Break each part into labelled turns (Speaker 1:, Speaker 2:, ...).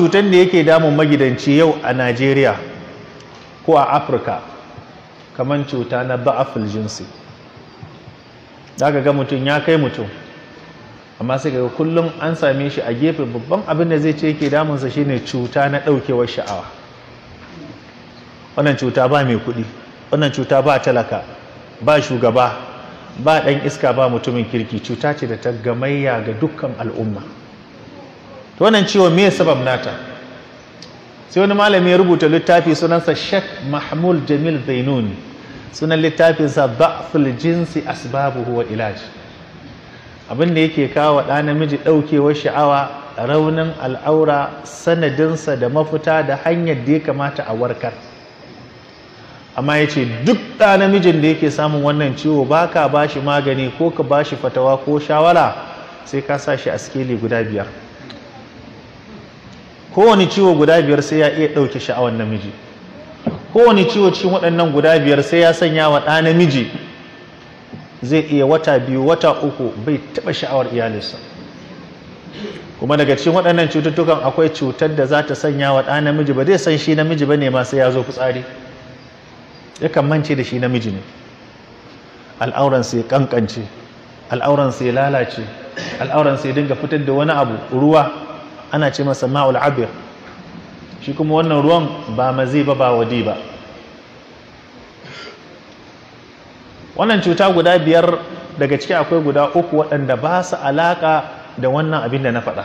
Speaker 1: cutar da yake damun magidanci yau a najeriya ko a afirka kamar cuta na ba'aful jinsi za ka ga mutum ya kai mutum amma sai ga kullum an same shi a gefe babban abin da zai ce yake damunsa shine cuta na ɗaukewar sha'awa wannan cuta ba mai kuɗi wannan cuta ba talaka ba shugaba ba ɗan iska ba mutumin kirki cuta ce da ta gamayya ga dukkan al'umma to wannan ciwo me sabab nata sai wani malami ya rubuta littafi sunansa shek Mahmud Jamil Zainuni sunan littafinsa Ba'ful Jinsi Asbabuhu huwa Ilaj abin da yake kawo wa ɗa namiji ɗaukewar sha'awa raunin al'aura sanadinsa da mafita da hanyar da ya kamata a warkar amma ya ce duk ɗa namijin da yake samun wannan ciwo ba ka ba shi magani ko ka ba shi fatawa ko shawara sai ka sa shi a sikeli guda biyar kowane ciwo guda biyar sai ya iya ɗauke sha'awar namiji kowane ciwo cikin waɗannan guda biyar sai ya sanya wa ɗa namiji zai iya wata biyu wata uku bai taɓa sha'awar iyalinsa kuma daga cikin waɗannan cututtukan akwai cutar da za ta sanya wa ɗa namiji ba zai san shi namiji ba ne ma sai ya zo fitsari yakan mance da shi namiji ne al'auransa ya kankance al'auransa ya lalace al'auransa ya dinga fitar da wani abu ruwa ana ce masa ma'ul abir shi kuma wannan ruwan ba mazi ba ba wadi ba wannan cuta guda biyar daga ciki akwai guda uku waɗanda ba su alaƙa da wannan abin da na faɗa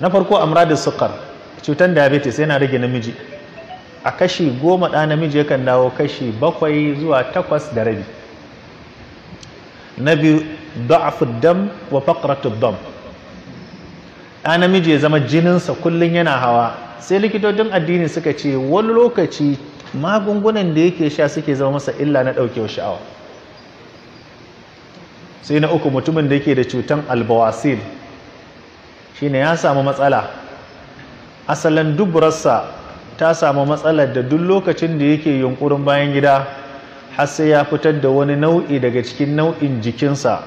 Speaker 1: na farko amradin sukar cutar diabetes yana rage namiji a kashi goma ɗa namiji yakan dawo kashi bakwai zuwa takwas da rabi na biyu da'afu dam wa faƙratu ɗa namiji ya zama jininsa kullum yana hawa sai likitocin addini suka ce wani lokaci magungunan da yake sha suke zama masa illa na ɗaukewar sha'awa sai na uku mutumin da yake da cutan albawasil ne ya samu matsala asalin duburarsa ta samu matsala da duk lokacin da yake yunkurin bayan gida har sai ya fitar da wani nau'i daga cikin nau'in jikinsa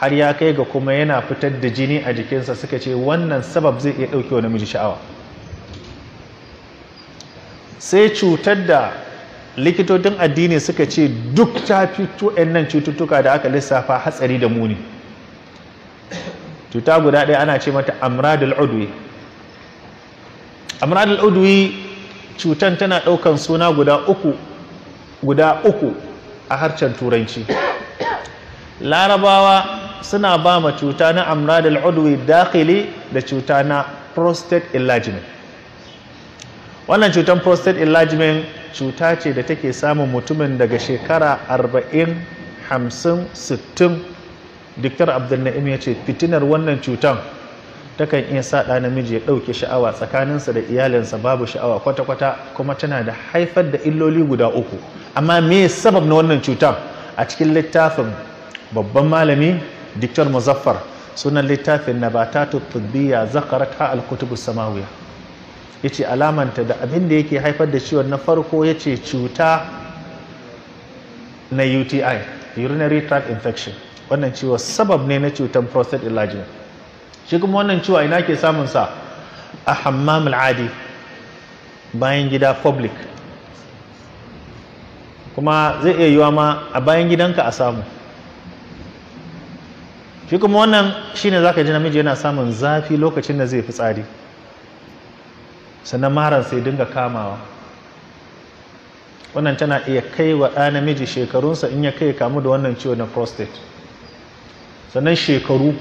Speaker 1: har ya kai ga kuma yana fitar da jini a jikinsa suka ce wannan sabab zai iya ɗauke wa namiji sha'awa sai cutar da likitocin addini suka ce duk ta fito nan cututtuka da aka lissafa hatsari da muni cuta guda ɗaya ana ce mata amradul udwi amradul udwi cutan tana ɗaukan suna guda uku guda uku a harshen turanci larabawa suna ba ma cuta na amradal udwi dakhili da cuta na prostate enlargement wannan cutan prostate enlargement cuta ce da take samun mutumin daga shekara 40 50 60 abdul abdulna'im ya ce fitinar wannan ta takan iya sa ɗa namiji ya ɗauke sha'awa tsakaninsa da iyalinsa babu sha'awa kwata-kwata kuma tana da haifar da illoli guda uku amma me sabab na wannan cutan a cikin littafin babban malami Dr. muzaffar sunan littafin nabatatu tubbiya zakarat ha alkutubu samawiya yace alamanta da abin da yake haifar da ciwon na farko yace cuta na UTI urinary tract infection wannan ciwo sabab ne na cutar prostate enlargement shi kuma wannan ciwo ina ke samun sa a hammam al'adi bayan gida public kuma zai iya yiwa ma a bayan gidanka a samu shi kuma wannan shine zaka ji namiji yana samun zafi lokacin da zai fitsari sannan maran sai dinga kamawa wannan tana iya kai wa ɗa namiji shekarunsa in ya kai kamu da wannan ciwo na prostate sannan shekaru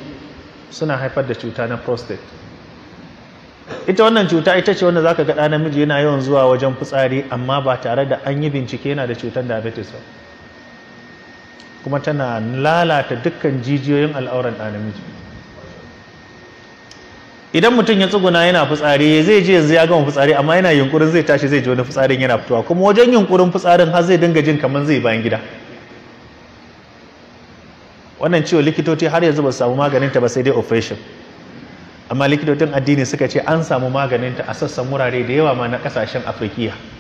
Speaker 1: suna haifar da cuta na prostate ita wannan cuta ita ce wanda zaka ga ɗa namiji yana yawan zuwa wajen fitsari amma ba tare da an yi bincike yana da cutar diabetes ba kuma tana lalata dukkan jijiyoyin al'auran ɗa namiji idan mutum ya tsuguna yana fitsari zai je yanzu ya gama fitsari amma yana yunkurin zai tashi zai ji wani fitsarin yana fitowa kuma wajen yunkurin fitsarin har zai dinga jin kamar zai bayan gida wannan ciwo likitoci har yanzu ba su samu maganin ba sai dai operation amma likitocin addini suka ce an samu maganin ta a sassan wurare da yawa ma na kasashen afirkiya